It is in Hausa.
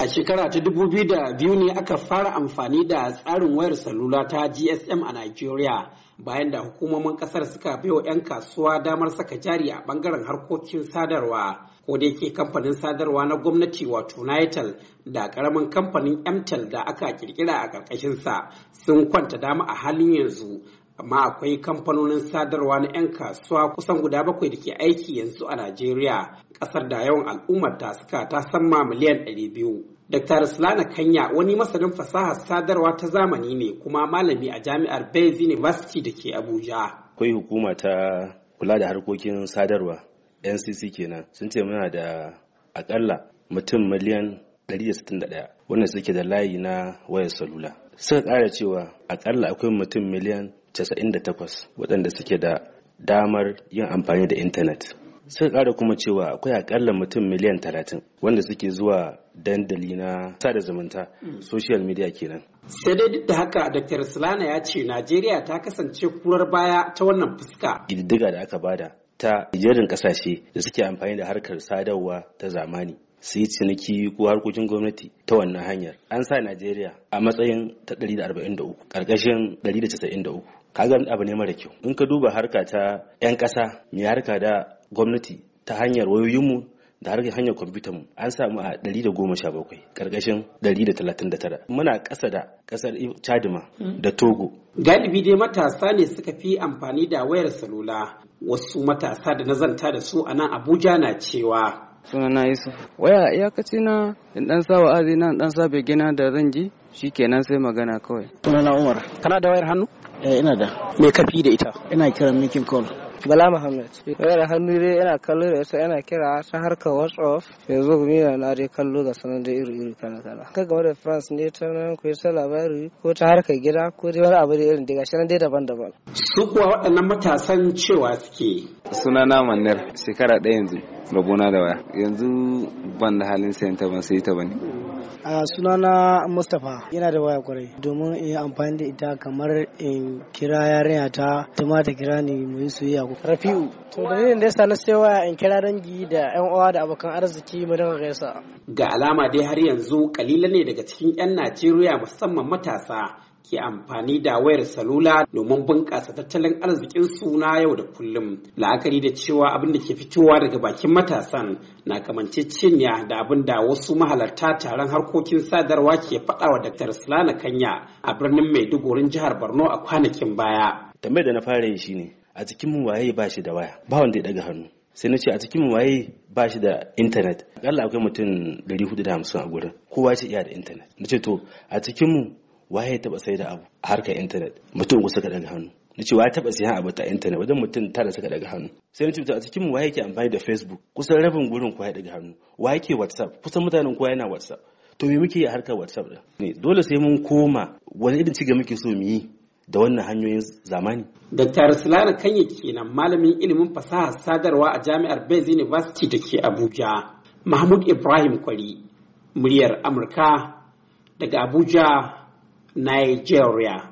A shekara ta dubu biyu da biyu ne aka fara amfani da tsarin wayar salula ta GSM a Najeriya bayan da hukumomin kasar suka baiwa 'yan kasuwa damar saka jari a bangaren harkokin sadarwa ko da yake kamfanin sadarwa na gwamnati wato Nitel da karamin kamfanin Mtel da aka kirkira a ƙarƙashinsa sun kwanta dama a halin yanzu amma akwai kamfanonin sadarwa na 'yan kasuwa kusan guda bakwai da ke aiki yanzu a Najeriya ƙasar da yawan al'ummar ta suka ta samma miliyan 200. Dr. Slana Kanya wani masanin fasaha sadarwa ta zamani ne kuma malami a jami'ar Bayes University da ke Abuja. Akwai hukuma ta kula da harkokin sadarwa NCC kenan sun ce muna da akalla mutum miliyan 161 wanda suke da layi na wayar salula. Suka ƙara cewa akalla akwai mutum miliyan 98 waɗanda suke da damar yin amfani da intanet suka ƙara kuma cewa akwai akalla mutum miliyan 30 wanda suke zuwa dandali na sada zumunta hmm. social media kenan sai dai duk da haka dr silana ya ce najeriya ta kasance kurar baya ta wannan fuska ƙididdiga da aka bada ta jerin ƙasashe da suke amfani da harkar sadarwa ta zamani su ciniki ko harkokin gwamnati ta wannan hanyar an sa najeriya a matsayin ta 143 ƙarƙashin 193 kaga abu ne mara kyau in ka duba harka ta 'yan ƙasa mai harka da gwamnati ta hanyar wayoyinmu da harkar hanyar kwamfuta mu an samu a 117 karkashin 139 muna ƙasa da ƙasar chadima hmm. da togo galibi dai matasa ne suka fi amfani da wayar salula wasu matasa da na zanta da su a nan abuja na cewa suna na yusuf waya iyakaci na in dan sa wa wa'azi in dan sa begina da zan ji kenan sai magana kawai suna na umar kana da wayar hannu eh ina da me kafi da ita ina kiran mikin call Bala Muhammad. Wayar hannu dai yana kallo da ita yana kira ta harkar WhatsApp, Facebook mina na dai kallo ga sanar da iri iri kana kana. Ka ga da France ne ta nan ku ta labari ko ta harkar gida ko dai wani abu da irin daga shi nan dai daban-daban. Su kuwa waɗannan matasan cewa suke suna na mannar shekara ɗaya yanzu rabona da waya yanzu ban da halin sayan ta ban sai ta bane a na mustapha yana da waya kwarai domin in amfani da ita kamar in kira yarinya ta ta ma ta kira ni mu yi soyayya ko rafi'u to ne da yasa na sai waya in kira dangi da yan uwa da abokan arziki mu daga gaisa ga alama dai har yanzu kalila ne daga cikin yan Najeriya musamman matasa ke amfani da wayar salula domin bunƙasa tattalin arzikin suna yau da kullum la'akari da cewa abin da ke fitowa daga bakin matasan na kamanceceniya da abin da wasu mahalarta taron harkokin sadarwa ke faɗawa Dr. Sulana Kanya a birnin Maiduguri jihar Borno a kwanakin baya. Tambayar da na fara yi shine a cikin mu waye ba shi da waya ba wanda ya daga hannu sai na ce a cikin mu waye ba shi da intanet akalla akwai mutum 450 a gurin kowa shi iya da intanet na ce to a cikin mu waye ya taba sai da abu a harkar intanet mutum wasu ka daga hannu na ce waye taba sayan abu ta intanet wajen mutum tara suka daga hannu sai na ce a cikin mu waye ke amfani da facebook kusan rabin gurin kuwa daga hannu waye ke whatsapp kusan mutanen kuwa yana whatsapp to me muke a harkar whatsapp ne dole sai mun koma wani irin gaba muke so mu yi da wannan hanyoyin zamani. Dr. Silana Kanye kenan malamin ilimin fasaha sadarwa a jami'ar Benz University da ke Abuja. Mahmud Ibrahim Kwari, muryar Amurka daga Abuja, Nigeria